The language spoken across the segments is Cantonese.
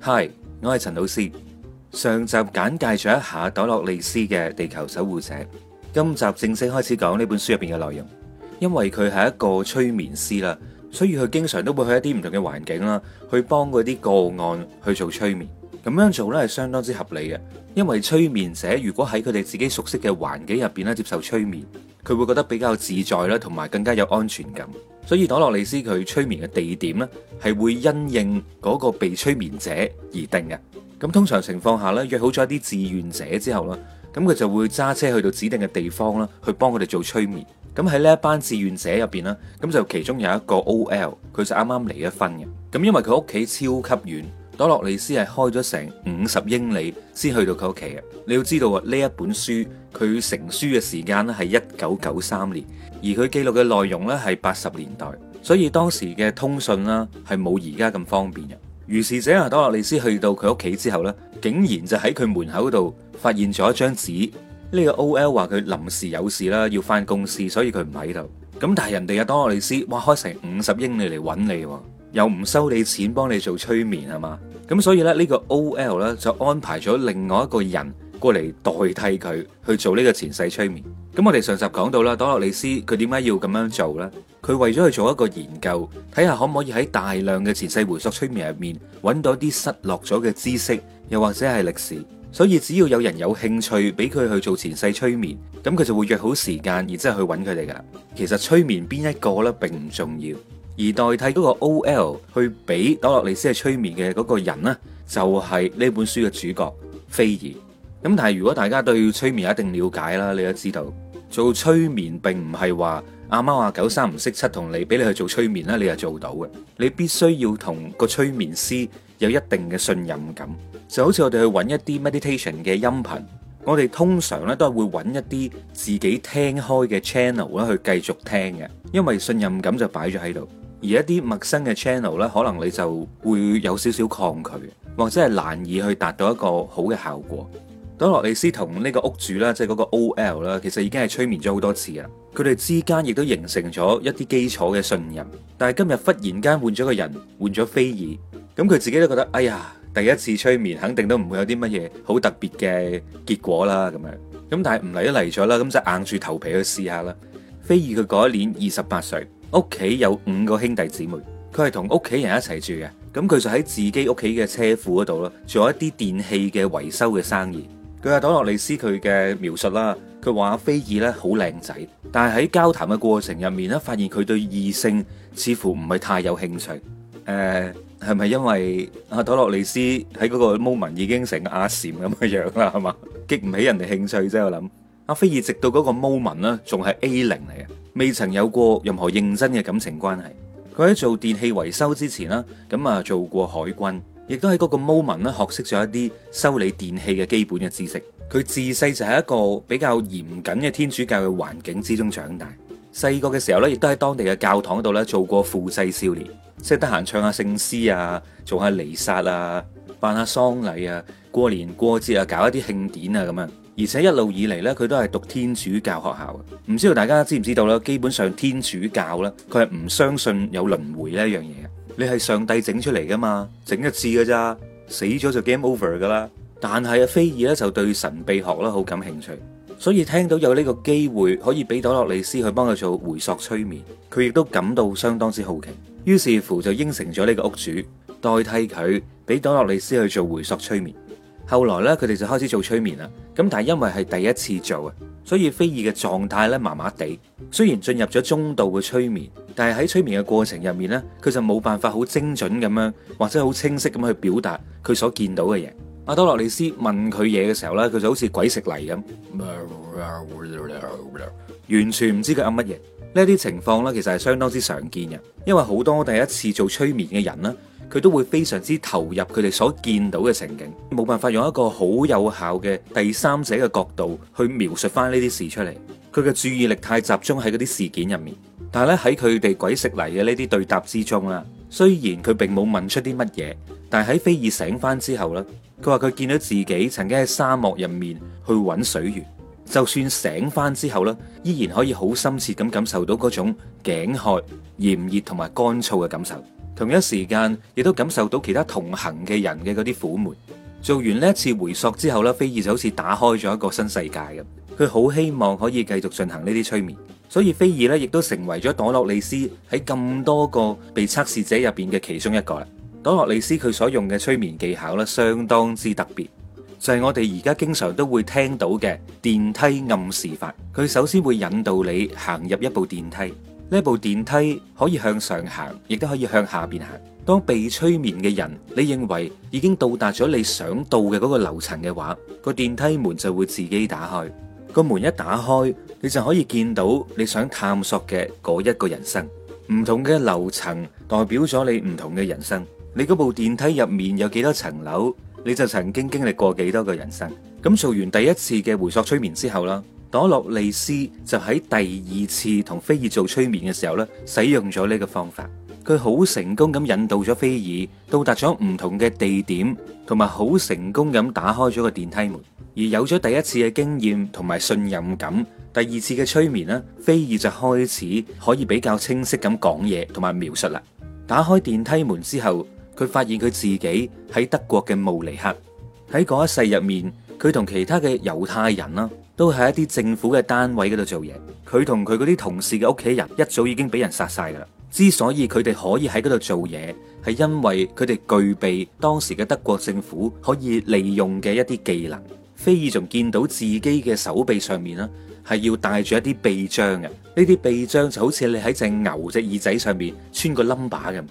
嗨，Hi，我係陳老師。上集簡介咗一下朵洛莉絲嘅地球守護者。今集正式開始講呢本書入邊嘅內容。因為佢係一個催眠師啦，所以佢經常都會去一啲唔同嘅環境啦，去幫嗰啲個案去做催眠。咁樣做呢係相當之合理嘅，因為催眠者如果喺佢哋自己熟悉嘅環境入邊咧接受催眠，佢會覺得比較自在啦，同埋更加有安全感。所以朵洛莉斯佢催眠嘅地點呢，係會因應嗰個被催眠者而定嘅。咁通常情況下呢，約好咗一啲志願者之後啦，咁佢就會揸車去到指定嘅地方啦，去幫佢哋做催眠。咁喺呢一班志願者入邊啦，咁就其中有一個 O.L. 佢就啱啱離咗婚嘅。咁因為佢屋企超級遠，朵洛莉斯係開咗成五十英里先去到佢屋企嘅。你要知道啊，呢一本書佢成書嘅時間呢，係一九九三年。而佢記錄嘅內容咧係八十年代，所以當時嘅通訊啦係冇而家咁方便嘅。於是者啊，多洛利斯去到佢屋企之後咧，竟然就喺佢門口度發現咗一張紙。呢個 O.L. 話佢臨時有事啦，要翻公司，所以佢唔喺度。咁但係人哋啊，多洛利斯哇，開成五十英里嚟揾你，又唔收你錢幫你做催眠係嘛？咁所以咧，呢個 O.L. 呢，就安排咗另外一個人。過嚟代替佢去做呢個前世催眠。咁我哋上集講到啦，朵洛里斯佢點解要咁樣做呢？佢為咗去做一個研究，睇下可唔可以喺大量嘅前世回溯催眠入面揾到啲失落咗嘅知識，又或者係歷史。所以只要有人有興趣，俾佢去做前世催眠，咁佢就會約好時間，然之後去揾佢哋噶啦。其實催眠邊一個呢？並唔重要，而代替嗰個 O.L. 去俾朵洛里斯嘅催眠嘅嗰個人呢，就係呢本書嘅主角菲兒。咁但係如果大家對催眠有一定了解啦，你都知道做催眠並唔係話阿貓阿狗三唔識七同你俾你去做催眠啦，你就做到嘅。你必須要同個催眠師有一定嘅信任感。就好似我哋去揾一啲 meditation 嘅音頻，我哋通常呢都係會揾一啲自己聽開嘅 channel 呢去繼續聽嘅，因為信任感就擺咗喺度。而一啲陌生嘅 channel 呢，可能你就會有少少抗拒，或者係難以去達到一個好嘅效果。當多羅利斯同呢個屋主啦，即係嗰個 O.L. 啦，其實已經係催眠咗好多次啦。佢哋之間亦都形成咗一啲基礎嘅信任。但係今日忽然間換咗個人，換咗菲爾，咁佢自己都覺得，哎呀，第一次催眠肯定都唔會有啲乜嘢好特別嘅結果啦。咁樣，咁但係唔嚟都嚟咗啦，咁就硬住頭皮去試下啦。菲爾佢嗰一年二十八歲，屋企有五個兄弟姊妹，佢係同屋企人一齊住嘅。咁佢就喺自己屋企嘅車庫嗰度咯，做一啲電器嘅維修嘅生意。據阿朵洛利斯佢嘅描述啦，佢話阿菲爾咧好靚仔，但係喺交談嘅過程入面咧，發現佢對異性似乎唔係太有興趣。誒係咪因為阿朵洛利斯喺嗰個 moment 已經成阿蟬咁嘅樣啦？係嘛，激唔起人哋興趣啫。我諗阿菲爾直到嗰個 moment 咧，仲係 A 零嚟嘅，未曾有過任何認真嘅感情關係。佢喺做電器維修之前啦，咁啊做過海軍。亦都喺嗰個 moment 咧學識咗一啲修理電器嘅基本嘅知識。佢自細就喺一個比較嚴謹嘅天主教嘅環境之中長大。細個嘅時候咧，亦都喺當地嘅教堂度咧做過副祭少年，即係得閒唱下聖詩啊，做下彌撒啊，扮下喪禮啊，過年過節啊搞一啲慶典啊咁樣。而且一路以嚟咧，佢都係讀天主教學校。唔知道大家知唔知道咧？基本上天主教咧，佢係唔相信有輪迴呢一樣嘢。你係上帝整出嚟㗎嘛？整一次㗎咋，死咗就 game over 㗎喇。但係啊，菲爾咧就對神秘學啦好感興趣，所以聽到有呢個機會可以俾朵洛莉絲去幫佢做回溯催眠，佢亦都感到相當之好奇，於是乎就應承咗呢個屋主，代替佢俾朵洛莉絲去做回溯催眠。後來咧，佢哋就開始做催眠啦。咁但係因為係第一次做啊，所以菲爾嘅狀態咧麻麻地。雖然進入咗中度嘅催眠，但係喺催眠嘅過程入面咧，佢就冇辦法好精準咁樣，或者好清晰咁去表達佢所見到嘅嘢。阿多洛里斯問佢嘢嘅時候咧，佢就好似鬼食泥咁， 完全唔知佢噏乜嘢。呢啲情況咧，其實係相當之常見嘅，因為好多第一次做催眠嘅人咧。佢都會非常之投入佢哋所見到嘅情景，冇辦法用一個好有效嘅第三者嘅角度去描述翻呢啲事出嚟。佢嘅注意力太集中喺嗰啲事件入面，但係咧喺佢哋鬼食泥嘅呢啲對答之中啦，雖然佢並冇問出啲乜嘢，但係喺菲爾醒翻之後咧，佢話佢見到自己曾經喺沙漠入面去揾水源，就算醒翻之後咧，依然可以好深切咁感受到嗰種頸渴、炎熱同埋乾燥嘅感受。同一時間，亦都感受到其他同行嘅人嘅嗰啲苦悶。做完呢一次回溯之後咧，菲爾就好似打開咗一個新世界咁。佢好希望可以繼續進行呢啲催眠，所以菲爾咧亦都成為咗朵洛莉絲喺咁多個被測試者入邊嘅其中一個啦。朵洛莉絲佢所用嘅催眠技巧咧，相當之特別，就係我哋而家經常都會聽到嘅電梯暗示法。佢首先會引導你行入一部電梯。呢部電梯可以向上行，亦都可以向下邊行。當被催眠嘅人，你認為已經到達咗你想到嘅嗰個樓層嘅話，個電梯門就會自己打開。個門一打開，你就可以見到你想探索嘅嗰一個人生。唔同嘅樓層代表咗你唔同嘅人生。你嗰部電梯入面有幾多層樓，你就曾經經歷過幾多個人生。咁做完第一次嘅回溯催眠之後啦。朵洛利斯就喺第二次同菲爾做催眠嘅時候咧，使用咗呢個方法，佢好成功咁引導咗菲爾到達咗唔同嘅地點，同埋好成功咁打開咗個電梯門。而有咗第一次嘅經驗同埋信任感，第二次嘅催眠呢，菲爾就開始可以比較清晰咁講嘢同埋描述啦。打開電梯門之後，佢發現佢自己喺德國嘅慕尼黑，喺嗰一世入面，佢同其他嘅猶太人啦。都喺一啲政府嘅單位嗰度做嘢。佢同佢嗰啲同事嘅屋企人一早已經俾人殺晒㗎喇。之所以佢哋可以喺嗰度做嘢，係因為佢哋具備當時嘅德國政府可以利用嘅一啲技能。菲爾仲見到自己嘅手臂上面，呢係要戴住一啲臂章嘅。呢啲臂章就好似你喺隻牛隻耳仔上面穿個冧把咁，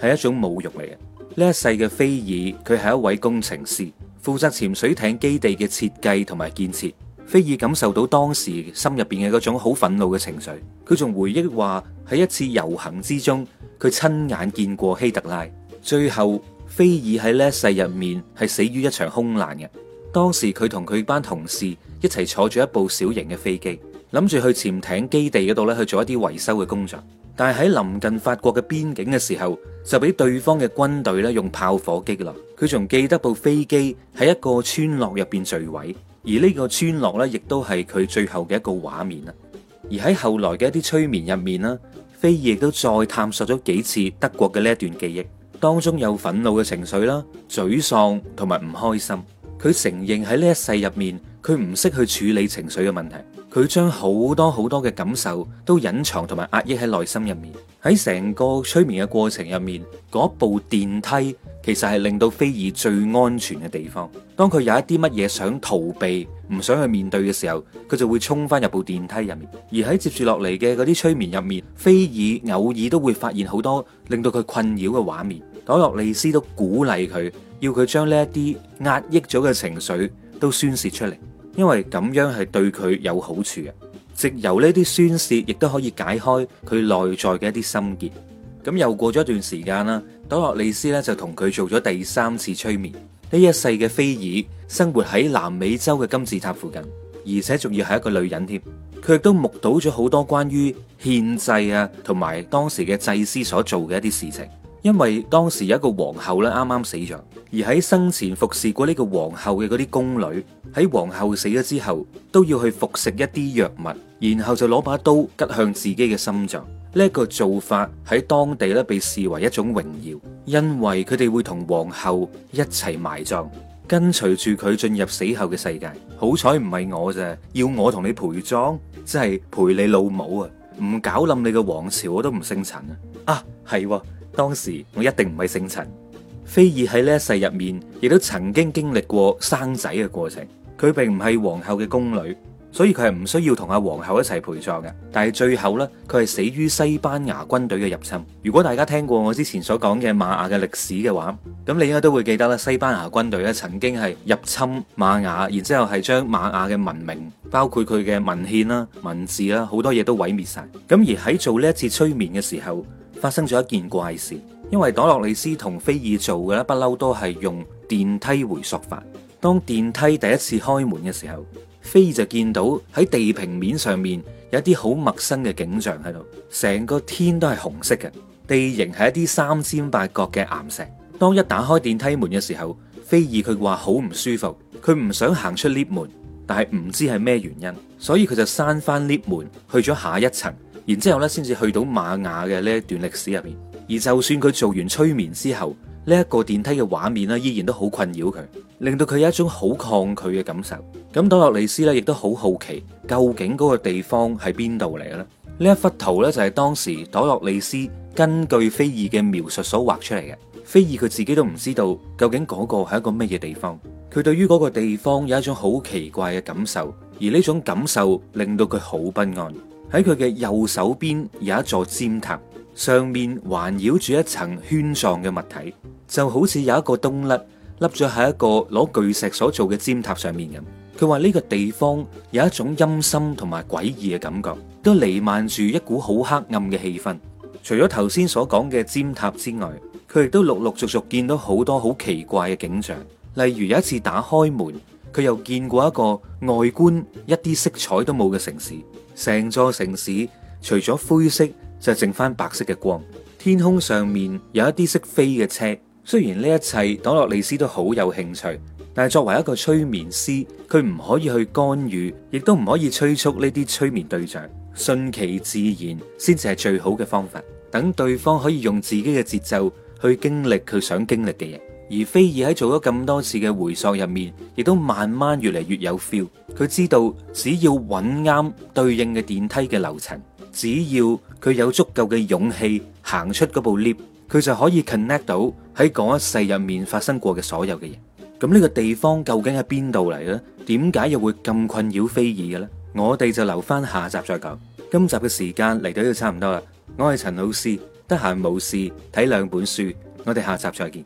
係一種侮辱嚟嘅。呢一世嘅菲爾，佢係一位工程師，負責潛水艇基地嘅設計同埋建設。菲爾感受到當時心入邊嘅嗰種好憤怒嘅情緒，佢仲回憶話喺一次遊行之中，佢親眼見過希特拉。最後，菲爾喺呢世入面係死於一場空難嘅。當時佢同佢班同事一齊坐住一部小型嘅飛機，諗住去潛艇基地嗰度咧去做一啲維修嘅工作。但係喺臨近法國嘅邊境嘅時候，就俾對方嘅軍隊咧用炮火擊落。佢仲記得部飛機喺一個村落入邊墜毀。而呢個村落呢，亦都係佢最後嘅一個畫面啦。而喺後來嘅一啲催眠入面呢啦，菲爾亦都再探索咗幾次德國嘅呢一段記憶，當中有憤怒嘅情緒啦、沮喪同埋唔開心。佢承認喺呢一世入面，佢唔識去處理情緒嘅問題。佢將好多好多嘅感受都隱藏同埋壓抑喺內心入面，喺成個催眠嘅過程入面，嗰部電梯其實係令到菲爾最安全嘅地方。當佢有一啲乜嘢想逃避、唔想去面對嘅時候，佢就會衝翻入部電梯入面。而喺接住落嚟嘅嗰啲催眠入面，菲爾偶爾都會發現好多令到佢困擾嘅畫面。朵洛利斯都鼓勵佢，要佢將呢一啲壓抑咗嘅情緒都宣泄出嚟。因為咁樣係對佢有好處嘅，藉由呢啲宣洩，亦都可以解開佢內在嘅一啲心結。咁又過咗一段時間啦，朵洛利斯咧就同佢做咗第三次催眠。呢一世嘅菲爾生活喺南美洲嘅金字塔附近，而且仲要係一個女人添。佢亦都目睹咗好多關於獻祭啊，同埋當時嘅祭司所做嘅一啲事情。因為當時有一個皇后咧，啱啱死咗，而喺生前服侍過呢個皇后嘅嗰啲宮女。喺皇后死咗之後，都要去服食一啲藥物，然後就攞把刀吉向自己嘅心臟。呢一個做法喺當地咧被視為一種榮耀，因為佢哋會同皇后一齊埋葬，跟隨住佢進入死後嘅世界。好彩唔係我啫，要我同你陪葬，即係陪你老母啊！唔搞冧你嘅皇朝，我都唔姓陳啊！啊，係喎，當時我一定唔係姓陳。菲爾喺呢一世入面，亦都曾經經歷過生仔嘅過程。佢並唔係皇后嘅宮女，所以佢係唔需要同阿皇后一齊陪葬嘅。但係最後呢，佢係死於西班牙軍隊嘅入侵。如果大家聽過我之前所講嘅瑪雅嘅歷史嘅話，咁你應該都會記得啦。西班牙軍隊咧曾經係入侵瑪雅，然之後係將瑪雅嘅文明，包括佢嘅文獻啦、文字啦，好多嘢都毀滅晒。咁而喺做呢一次催眠嘅時候，發生咗一件怪事，因為朵洛莉斯同菲爾做嘅咧，不嬲都係用電梯回溯法。當電梯第一次開門嘅時候，菲爾就見到喺地平面上面有一啲好陌生嘅景象喺度，成個天都係紅色嘅，地形係一啲三尖八角嘅岩石。當一打開電梯門嘅時候，菲爾佢話好唔舒服，佢唔想行出 lift 門，但係唔知係咩原因，所以佢就閂翻 lift 門去咗下一層，然之後咧先至去到瑪雅嘅呢一段歷史入面。而就算佢做完催眠之後，呢、這、一個電梯嘅畫面呢，依然都好困擾佢。令到佢有一種好抗拒嘅感受。咁朵洛利斯咧，亦都好好奇究竟嗰個地方係邊度嚟嘅咧？呢一幅圖咧，就係當時朵洛利斯根據菲爾嘅描述所畫出嚟嘅。菲爾佢自己都唔知道究竟嗰個係一個乜嘢地方。佢對於嗰個地方有一種好奇怪嘅感受，而呢種感受令到佢好不安。喺佢嘅右手邊有一座尖塔，上面環繞住一層圈狀嘅物體，就好似有一個冬甩。立咗喺一個攞巨石所做嘅尖塔上面噉，佢話呢個地方有一種陰森同埋詭異嘅感覺，都彌漫住一股好黑暗嘅氣氛。除咗頭先所講嘅尖塔之外，佢亦都陸陸續續見到好多好奇怪嘅景象，例如有一次打開門，佢又見過一個外觀一啲色彩都冇嘅城市，成座城市除咗灰色就剩返白色嘅光，天空上面有一啲識飛嘅車。雖然呢一切，朵洛利斯都好有興趣，但係作為一個催眠師，佢唔可以去干預，亦都唔可以催促呢啲催眠對象，順其自然先至係最好嘅方法。等對方可以用自己嘅節奏去經歷佢想經歷嘅嘢，而菲爾喺做咗咁多次嘅回溯入面，亦都慢慢越嚟越有 feel。佢知道只、只要揾啱對應嘅電梯嘅樓層，只要佢有足夠嘅勇氣行出嗰部 lift 佢就可以 connect 到喺嗰一世入面發生過嘅所有嘅嘢。咁呢個地方究竟喺邊度嚟呢？點解又會咁困擾非爾嘅咧？我哋就留翻下集再講。今集嘅時間嚟到都差唔多啦。我係陳老師，得閒冇事睇兩本書。我哋下集再見。